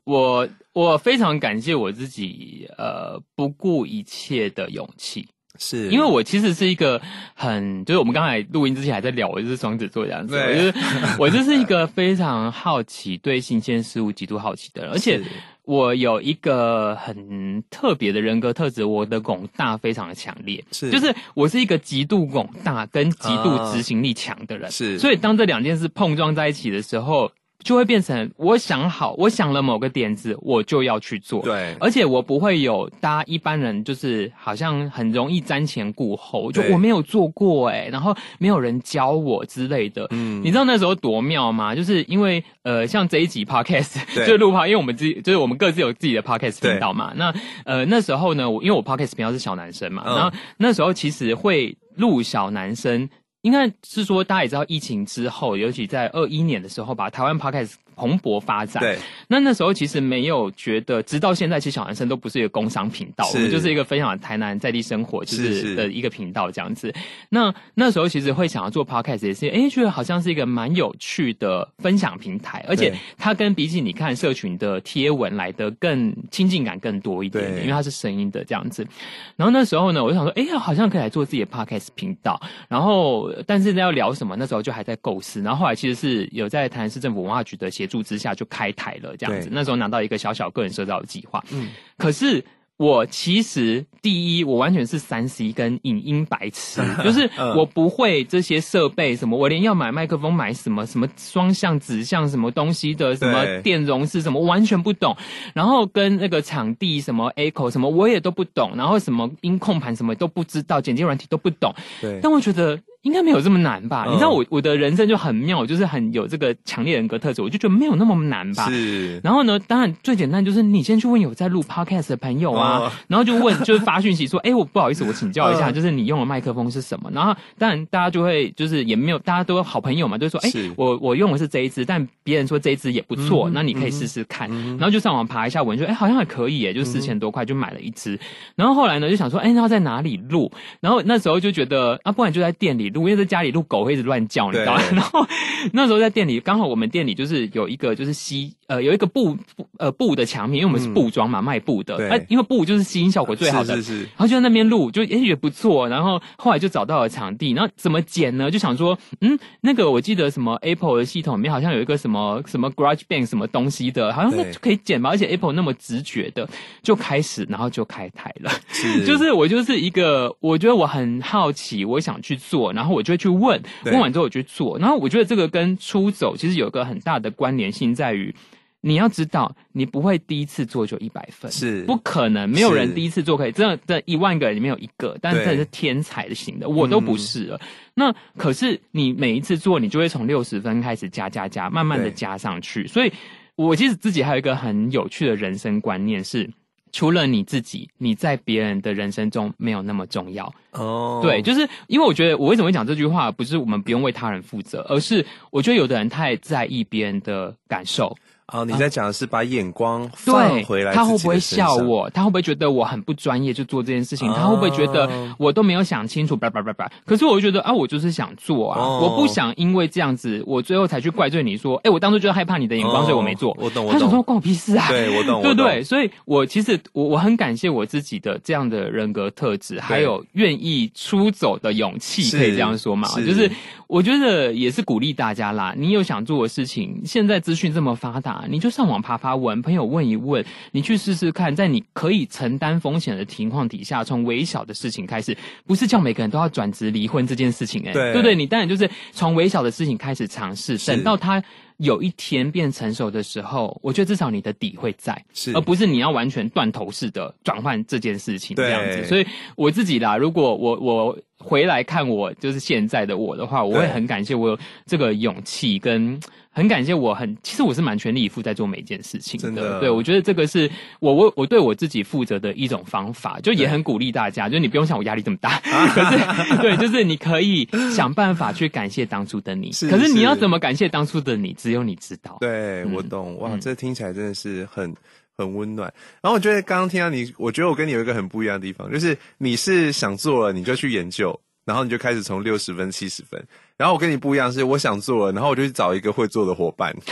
我我非常感謝我自己，呃，不顧一切的勇氣。是，因為我其實是一個很，就是我們剛才錄音之前還在聊，我就是雙子座這樣子，就是、啊、我就是一個非常好奇，對新鮮事物極度好奇的人，而且我有一個很特別的人格特質，我的廣大非常的強烈，是，就是我是一個極度廣大跟極度執行力強的人，哦，是，所以當這兩件事碰撞在一起的時候，就會變成我想好，我想了某個點子，我就要去做。對，而且我不會有大家一般人，就是好像很容易瞻前顧後，就我沒有做過誒、欸、然後沒有人教我之類的。嗯，你知道那時候多妙嗎？就是因為呃，像這一集 podcast (laughs) 就錄 p 因為我們自己就是我們各自有自己的 podcast 頻道嘛。那呃那時候呢，我因為我 podcast 頻道是小南生嘛、嗯，然後那時候其實會錄小南生。應該是說，大家也知道，疫情之後，尤其在二一年的時候，把台灣 Podcast。蓬勃發展。對。那那時候其實沒有覺得，直到現在，其實小南生都不是一個工商頻道，我們就是一個分享台南在地生活就是的一個頻道這樣子。是是那那時候其實會想要做 podcast，也是哎、欸、覺得好像是一個蠻有趣的分享平台，而且它跟比起你看社群的貼文來的更親近感更多一點點，因為它是聲音的這樣子。然後那時候呢，我就想說，哎、欸、呀，好像可以來做自己的 podcast 頻道。然後，但是要聊什麼，那時候就還在構思。然後後來其實是有在台南市政府文化局的協。組織下就開台了，這樣子。那時候拿到一個小小個人社造的計劃。嗯，可是我其實第一，我完全是三 C 跟影音白癡， (laughs) 就是我不會這些設備什麼，我連要買麥克風買什麼什麼雙向指向什麼東西的什麼電容是什麼，完全不懂。然後跟那個場地什麼 Echo 什麼，我也都不懂。然後什麼音控盤什麼都不知道，剪輯軟體都不懂。對，但我覺得。應該沒有這麼難吧？Uh, 你知道我我的人生就很妙，就是很有這個強烈人格特質，我就覺得沒有那麼難吧。是。然後呢，當然最簡單就是你先去問有在錄 Podcast 的朋友啊，uh. 然後就問，就是發訊息說，哎、 (laughs) 欸，我不好意思，我請教一下，uh. 就是你用的麥克風是什麼？然後當然大家就會就是也沒有，大家都有好朋友嘛，就說，哎、欸，我我用的是這一支，但別人說這一支也不錯，mm -hmm. 那你可以試試看。Mm -hmm. 然後就上網爬一下文，就哎、欸，好像還可以，耶，就四千多塊就買了一支。Mm -hmm. 然後後來呢，就想說，哎、欸，那要在哪裡錄？然後那時候就覺得，啊，不然就在店裡。如因為在家裡錄，狗會一直亂叫，你知道嗎？然後那時候在店裡，剛好我們店裡就是有一個就是吸呃有一個布布呃布的牆面，因為我們是布莊嘛，嗯、賣布的。對、啊。因為布就是吸音效果最好的。是是，是然後就在那邊錄，就也、欸、也不錯。然後後來就找到了場地，然後怎麼剪呢？就想說，嗯，那個我記得什麼 Apple 的系統裡面好像有一個什麼什麼 GarageBand 什麼東西的，好像那就可以剪吧。而且 Apple 那麼直覺的就開始，然後就開台了。是，是。就是我就是一個，我覺得我很好奇，我想去做。然後我就會去問，問完之後我去做。然後我覺得這個跟出走其實有一個很大的關聯性，在於你要知道，你不會第一次做就一百分，是不可能，沒有人第一次做可以真的這，這一萬個人裡面有一個，但真的是天才型的，我都不是了，嗯。那可是你每一次做，你就會從六十分開始加加加，慢慢的加上去。所以我其實自己還有一個很有趣的人生觀念是。除了你自己，你在別人的人生中沒有那麼重要。哦，oh，對，就是因為我覺得，我為什麼會講這句話，不是我們不用為他人負責，而是我覺得有的人太在意別人的感受。哦，你在講的是把眼光放回來。啊對，他會不會笑我？他會不會覺得我很不專業就做這件事情？啊、他會不會覺得我都沒有想清楚？叭叭叭叭！可是我會覺得啊，我就是想做啊。哦，我不想因為這樣子，我最後才去怪罪你說，哎、欸，我當初就害怕你的眼光，哦、所以我沒做。我懂，我懂他總說，說我關我屁事啊！對，我懂，對不對？所以，我其實我我很感謝我自己的這樣的人格特質，還有願意出走的勇氣，可以這樣說嘛？是就是我覺得也是鼓勵大家啦。你有想做的事情，現在資訊這麼發達。你就上網爬爬文，朋友問一問，你去試試看，在你可以承擔風險的情況底下，從微小的事情開始，不是叫每個人都要轉職離婚這件事情，欸，哎，對不對，對，對？你當然就是從微小的事情開始嘗試，等到他有一天變成熟的時候，我覺得至少你的底會在，是，而不是你要完全斷頭式的轉換這件事情這樣子。對，所以，我自己啦，如果我我。回來看我，就是現在的我的話，我會很感謝我有這個勇氣，跟很感謝我很，其實我是蠻全力以赴在做每一件事情，真的。對，我覺得這個是我我我對我自己負責的一種方法，就也很鼓勵大家，就你不用像我壓力這麼大， (laughs) (laughs) 可是對，就是你可以想辦法去感謝當初的你。是是，可是你要怎麼感謝當初的你，只有你知道。對，嗯，我懂。哇，嗯，這聽起來真的是很。很溫暖。然後我覺得剛剛聽到你，我覺得我跟你有一個很不一樣的地方，就是你是想做了，你就去研究，然後你就開始從六十分、七十分。然後我跟你不一樣，是我想做了，然後我就去找一個會做的夥伴， (laughs) (laughs) (laughs)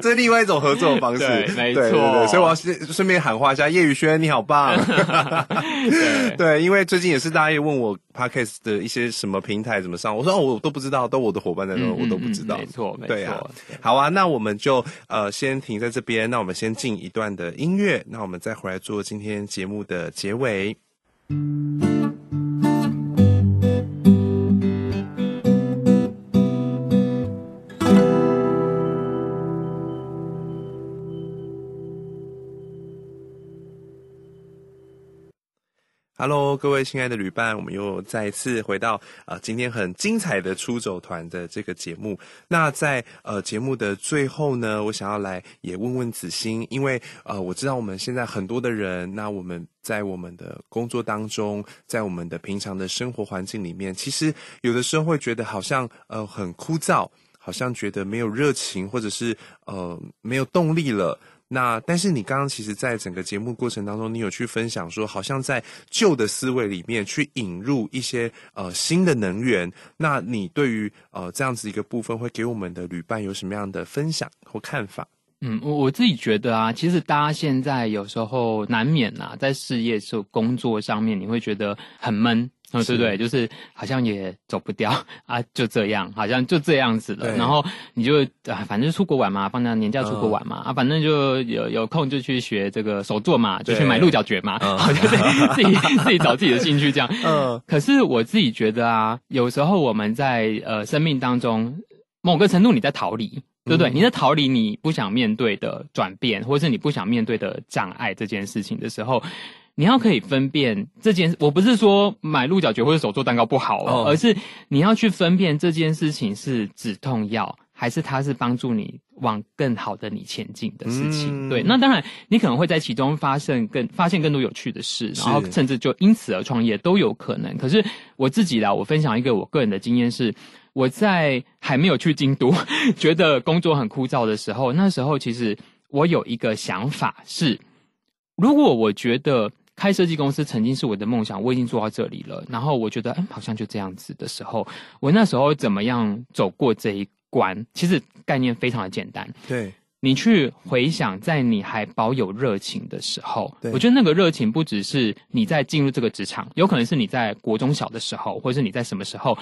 這是另外一種合作的方式，對。對，沒錯，對，對，對，所以我要順順便喊話一下，葉宇軒，你好棒！ (laughs) (laughs) 對，對，因為最近也是大家也問我 podcast 的一些什麼平台怎麼上，我說、哦、我都不知道，都我的夥伴在那、嗯，我都不知道。嗯、沒錯，沒錯、啊。好啊，那我們就呃先停在這邊，那我們先進一段的音樂，那我們再回來做今天節目的結尾。Hello，各位親愛的旅伴，我們又再一次回到啊、呃，今天很精彩的出走團的這個節目。那在呃節目的最後呢，我想要來也問問子興，因為呃我知道我們現在很多的人，那我們在我們的工作當中，在我們的平常的生活環境裡面，其實有的時候會覺得好像呃很枯燥，好像覺得沒有熱情，或者是呃沒有動力了。那但是你剛剛其實，在整個節目過程當中，你有去分享說，好像在舊的思維裡面去引入一些呃新的能源。那你對於呃這樣子一個部分，會給我們的旅伴有什麼樣的分享或看法？嗯，我我自己覺得啊，其實大家現在有時候難免吶、啊，在事業工作上面，你會覺得很悶。嗯，對對，就是好像也走不掉啊，就這樣，好像就這樣子了。然後你就啊，反正出國玩嘛，放假年假出國玩嘛，呃、啊，反正就有有空就去學這個手作嘛，就去買鹿角蕨嘛，好像，啊、 (laughs) (laughs) 自己自己找自己的興趣這樣。嗯、呃，可是我自己覺得啊，有時候我們在呃生命當中某個程度你在逃離，對不對，嗯？你在逃離你不想面對的轉變，或是你不想面對的障礙這件事情的時候。你要可以分辨這件，我不是說買鹿角蕨或者手做蛋糕不好、啊哦，而是你要去分辨這件事情是止痛藥，還是它是幫助你往更好的你前進的事情、嗯。對，那當然你可能會在其中發生更，發現更多有趣的事，然後甚至就因此而創業都有可能。可是我自己啦，我分享一個我個人的經驗是，我在還沒有去京都， (laughs) 覺得工作很枯燥的時候，那時候其實我有一個想法是，如果我覺得。開設計公司曾經是我的夢想，我已經做到這裡了。然後我覺得，嗯，好像就這樣子的時候，我那時候怎麼樣走過這一關？其實概念非常的簡單，對。你去回想，在你還保有熱情的時候，對，我覺得那個熱情不只是你在進入這個職場，有可能是你在國中小的時候，或者是你在什麼時候，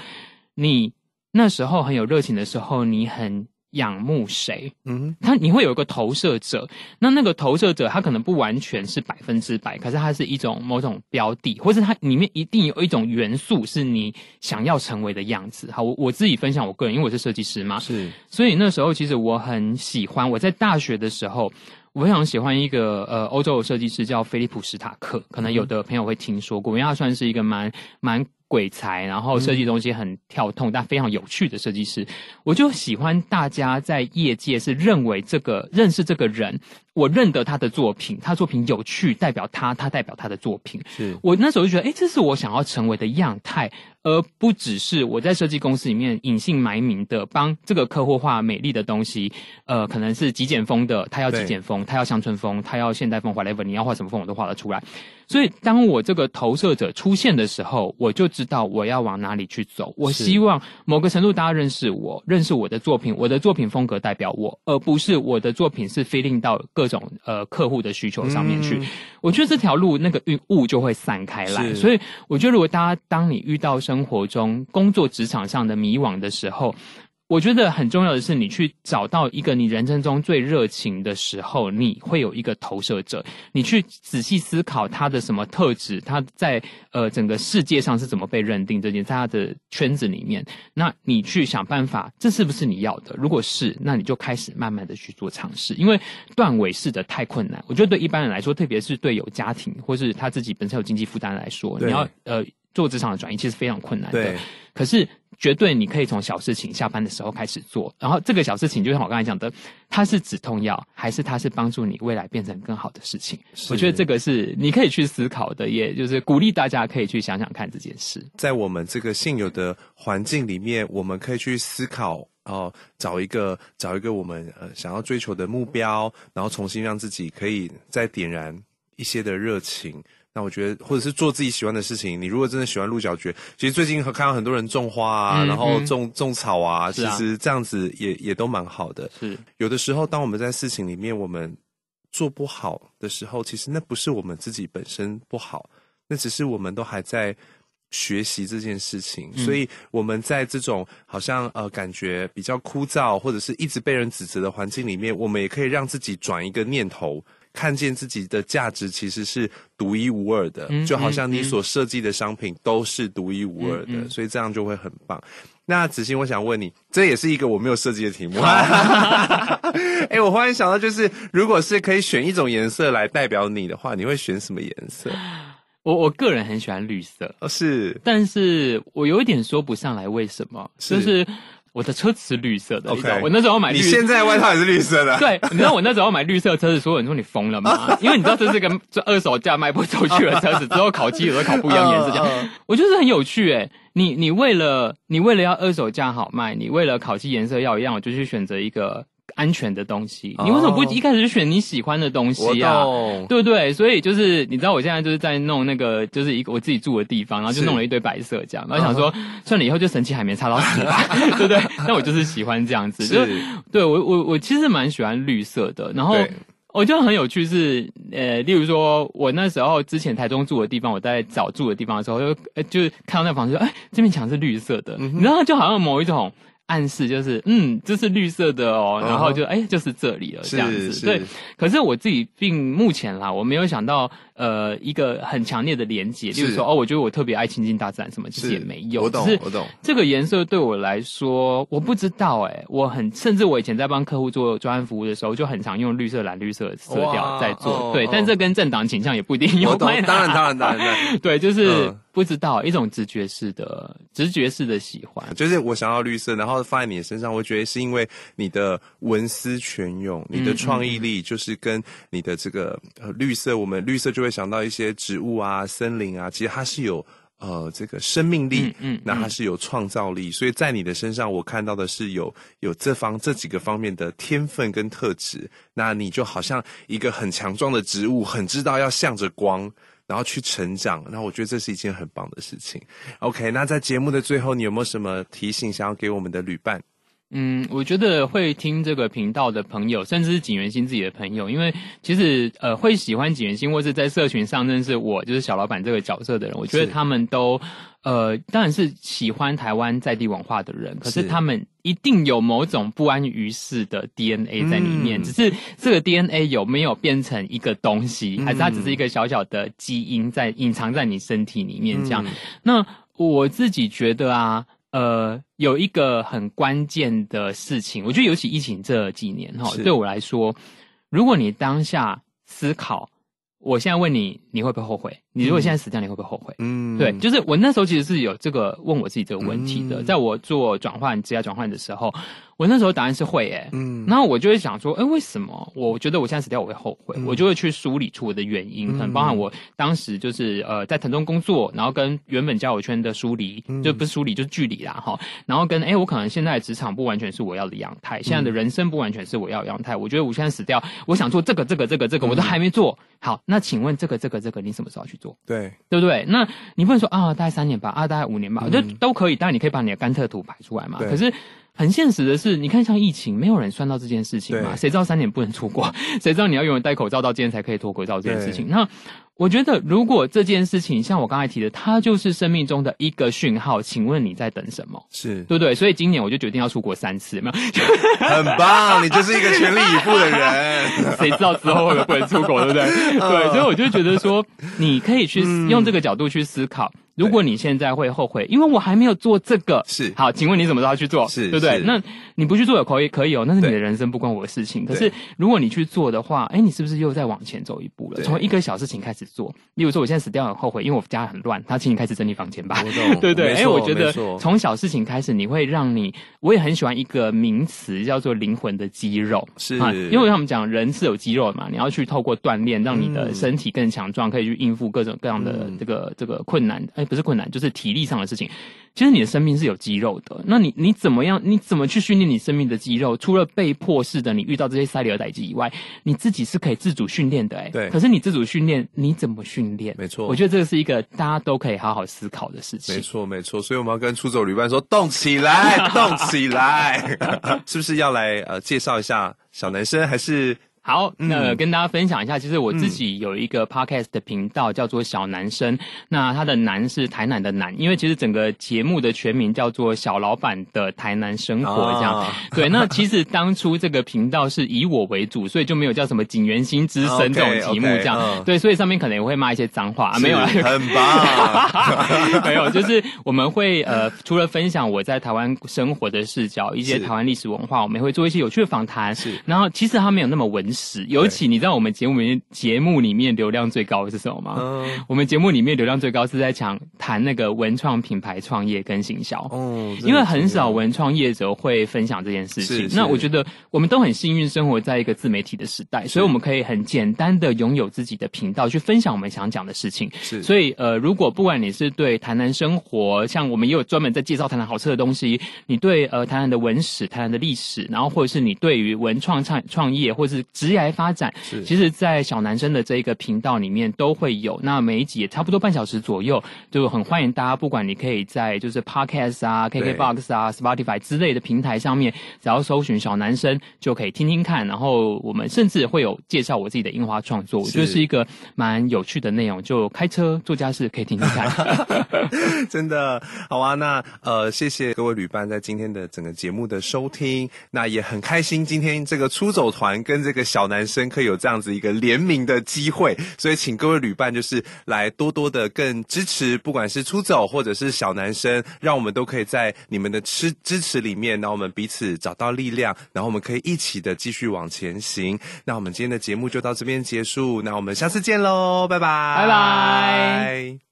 你那時候很有熱情的時候，你很。仰慕誰？嗯，他你會有一個投射者，那那個投射者他可能不完全是百分之百，可是它是一種某種標的，或是它裡面一定有一種元素是你想要成為的樣子。好，我我自己分享我個人，因為我是設計師嘛，是，所以那時候其實我很喜歡，我在大學的時候，我非常喜歡一個呃歐洲的設計師叫菲利普史塔克，可能有的朋友會聽說過，嗯，因為他算是一個蠻蠻。鬼才，然後設計的東西很跳脫，嗯，但非常有趣的設計師，我就喜歡大家在業界是認為這個認識這個人。我認得他的作品，他作品有趣，代表他，他代表他的作品。是我那時候就覺得，哎、欸，這是我想要成為的樣態，而不只是我在設計公司裡面隱姓埋名的幫這個客戶畫美麗的東西。呃，可能是極簡風的，他要極簡風，他要鄉村風，他要現代風，whatever，你要畫什麼風我都畫得出來。所以，當我這個投射者出現的時候，我就知道我要往哪裡去走。我希望某個程度大家認識我，認識我的作品，我的作品風格代表我，而不是我的作品是 feeling 到各種呃客戶的需求上面去，嗯、我覺得這條路那個雲霧就會散開來，所以我覺得如果大家當你遇到生活中、工作職場上的迷惘的時候。我覺得很重要的是，你去找到一個你人生中最熱情的時候，你會有一個投射者，你去仔細思考他的什麼特質，他在呃整個世界上是怎麼被認定的，你在他的圈子裡面，那你去想辦法，這是不是你要的？如果是，那你就開始慢慢的去做嘗試，因為斷尾式的太困難。我覺得對一般人來說，特別是對有家庭或是他自己本身有經濟負擔來說，你要呃做職場的轉移，其實非常困難的。對，可是。絕對，你可以從小事情下班的時候開始做，然後這個小事情就像我剛才講的，它是止痛藥，還是它是幫助你未來變成更好的事情？我覺得這個是你可以去思考的，也就是鼓勵大家可以去想想看這件事。在我們這個現有的環境裡面，我們可以去思考，哦，找一個找一個我們呃想要追求的目標，然後重新讓自己可以再點燃一些的熱情。那我覺得，或者是做自己喜歡的事情。你如果真的喜歡鹿角蕨，其實最近看到很多人種花啊，嗯、然後種種草啊，啊，其實這樣子也也都蠻好的。是有的時候，當我們在事情裡面我們做不好的時候，其實那不是我們自己本身不好，那只是我們都還在學習這件事情。嗯、所以我們在這種好像呃感覺比較枯燥或者是一直被人指責的環境裡面，我們也可以讓自己轉一個念頭。看見自己的價值其實是獨一無二的嗯嗯嗯，就好像你所設計的商品都是獨一無二的嗯嗯，所以這樣就會很棒。那子興，我想問你，這也是一個我沒有設計的題目。哎、 (laughs) (laughs) (laughs) 欸，我忽然想到，就是如果是可以選一種顏色來代表你的話，你會選什麼顏色？我我個人很喜歡綠色，是，但是我有一點說不上來為什麼，是就是。我的車子是綠色的，OK。我那時候買綠色，你現在外套也是綠色的，對。你知道我那時候買綠色車子我，所有人說你瘋了嗎？ (laughs) 因為你知道這是個，這二手價賣不出去的車子，之後烤漆有時候烤不一樣顏色架，這、uh, 樣、uh, 我就是很有趣誒、欸。你你為了你為了要二手價好賣，你為了烤漆顏色要一樣，我就去選擇一個。安全的東西，你為什麼不一開始就選你喜歡的東西呀、啊？Oh, 對不對？所以就是你知道，我現在就是在弄那個，就是一個我自己住的地方，然後就弄了一堆白色這樣。然後想說，uh -huh. 算了，以後就神奇海綿擦到死吧， (laughs) (laughs) 對不對？那我就是喜歡這樣子，是就對我我我其實蠻喜歡綠色的。然後我、哦、就很有趣是，呃，例如說我那時候之前台中住的地方，我在找住的地方的時候，就、呃、就是看到那房子說，哎，這面牆是綠色的，mm -hmm. 你知道，就好像某一種。暗示就是，嗯，這、就是綠色的哦，哦然後就，哎、欸，就是這裡了，這樣子。對，可是我自己並目前啦，我沒有想到。呃，一個很強烈的連接，就是例如說，哦，我覺得我特別愛親近大自然，什麼其實也沒有。我懂，我懂。這個顏色對我來說，我不知道、欸，哎，我很甚至我以前在幫客戶做專案服務的時候，我就很常用綠色、藍綠色色調在做，對、哦。但這跟政黨傾向也不一定有關、啊、當然，當然，當然，當然 (laughs) 對，就是、嗯、不知道一種直覺式的、直覺式的喜歡，就是我想要綠色，然後放在你的身上，我覺得是因為你的文思泉湧，你的創意力，就是跟你的這個呃綠色，我、嗯、們、嗯呃、綠色就會。會想到一些植物啊、森林啊，其實它是有呃這個生命力，嗯，嗯嗯，那它是有創造力，所以在你的身上，我看到的是有有這方這幾個方面的天分跟特質，那你就好像一個很強壯的植物，很知道要向着光然後去成長，那我覺得這是一件很棒的事情。OK，那在節目的最後，你有沒有什麼提醒想要給我們的旅伴？嗯，我覺得會聽這個頻道的朋友，甚至是錦源興自己的朋友，因為其實呃，會喜歡錦源興，或者在社群上認識我，就是小老闆這個角色的人，我覺得他們都呃，當然是喜歡台灣在地文化的人，可是他們一定有某種不安於室的 DNA 在裡面，是只是這個 DNA 有沒有變成一個東西，嗯、還是它只是一個小小的基因在隱藏在你身體裡面這樣、嗯？那我自己覺得啊。呃，有一個很關鍵的事情，我覺得尤其疫情這幾年哈，對我來說，如果你當下思考，我現在問你，你會不會後悔？你如果現在死掉，嗯，你會不會後悔？嗯，對，就是我那時候其實是有這個問我自己這個問題的。嗯、在我做轉換職業轉換的時候，我那時候答案是會，欸，誒。嗯，然後我就會想說，哎，欸，為什麼？我覺得我現在死掉我會後悔，嗯，我就會去梳理出我的原因，很、嗯、包含我當時就是呃，在騰中工作，然後跟原本交友圈的疏離，嗯，就不是疏離，就是距離啦，哈，然後跟哎，欸，我可能現在職場不完全是我要的樣態，現在的人生不完全是我要的樣態，嗯，我覺得我現在死掉，我想做這個這個這個這個，嗯，我都還沒做好。那請問這個這個。這個你什麼時候去做？對，對不對？那你不能說啊，大概三年吧，啊，大概五年吧，我覺得都可以。當然，你可以把你的甘特圖排出來嘛。可是。很現實的是，你看像疫情，沒有人算到這件事情嘛。誰知道三年不能出國？誰知道你要永遠戴口罩到今天才可以脫口罩這件事情？那我覺得，如果這件事情像我剛才提的，它就是生命中的一個訊號。請問你在等什麼？是，對不對？所以今年我就決定要出國三次，沒有？很棒， (laughs) 你就是一個全力以赴的人。誰 (laughs) 知道之後會不會出國？對不對？對，所以我就覺得說，你可以去用這個角度去思考。嗯如果你現在會後悔，因為我還沒有做這個。是，好，請問你怎麼知道去做？是對不對？那。你不去做也可以，可以哦，那是你的人生，不關我的事情。可是如果你去做的話，哎、欸，你是不是又再往前走一步了？從一個小事情開始做，例如說，我現在死掉很後悔，因為我家很亂，他請你開始整理房間吧。 (laughs) 對，對對，哎、欸，我覺得從小事情開始，你會讓你，我也很喜歡一個名詞叫做“靈魂的肌肉”，是，因為他們講人是有肌肉的嘛，你要去透過鍛鍊，讓你的身體更強壯，可以去應付各種各樣的這個、嗯、這個困難。哎、欸，不是困難，就是體力上的事情。其實你的生命是有肌肉的，那你你怎麼樣？你怎麼去訓練你生命的肌肉？除了被迫式的你遇到這些塞里爾打擊以外，你自己是可以自主訓練的、欸。誒對。可是你自主訓練，你怎麼訓練？沒錯。我覺得這個是一個大家都可以好好思考的事情。沒錯，沒錯。所以我們要跟出走旅伴說，動起來，動起來。 (laughs) 是不是要來呃介紹一下小南生？還是？好，那、呃嗯、跟大家分享一下，其實我自己有一個 podcast 的頻道，叫做“小南生”嗯。那他的“南”是台南的“南”，因為其實整個節目的全名叫做“小老板的台南生活”這樣、哦。對，那其實當初這個頻道是以我為主， (laughs) 所以就沒有叫什麼“錦源興之聲”這種題目這樣、哦 okay, okay, 哦。對，所以上面可能也會罵一些髒話啊，沒有、啊，很棒， (laughs) (laughs) 沒有，就是我們會呃，除了分享我在台灣生活的視角，一些台灣歷史文化，我們也會做一些有趣的訪談。是，然後其實他沒有那麼文。尤其你知道我們節目裡面節目裡面流量最高的是什麼嗎？Uh, 我們節目裡面流量最高是在講談那個文創品牌創業跟行銷，哦、oh,，因為很少文創業者會分享這件事情。那我覺得我們都很幸運，生活在一個自媒體的時代，所以我們可以很簡單的擁有自己的頻道去分享我們想講的事情。是，所以呃，如果不管你是對台南生活，像我們也有專門在介紹台南好吃的東西，你對呃台南的文史、台南的歷史，然後或者是你對於文創創創業，或是。職業發展，其實，在小南生的這一個頻道裡面都會有。那每一集也差不多半小時左右，就很歡迎大家。不管你可以在就是 Podcast 啊、KKBox 啊、Spotify 之類的平台上面，只要搜尋“小南生”，就可以聽聽看。然後我們甚至會有介紹我自己的櫻花創作，我覺得是一個蠻有趣的內容。就開車做家事可以聽聽看， (laughs) 真的好啊！那呃，謝謝各位旅伴在今天的整個節目的收聽，那也很開心。今天這個出走團跟這個小小南生，可以有這樣子一個聯名的機會，所以請各位旅伴就是來多多的更支持，不管是出走或者是小南生，讓我們都可以在你們的支支持裡面，然後我們彼此找到力量，然後我們可以一起的繼續往前行。那我們今天的節目就到這邊結束，那我們下次見嘍，拜拜，拜拜。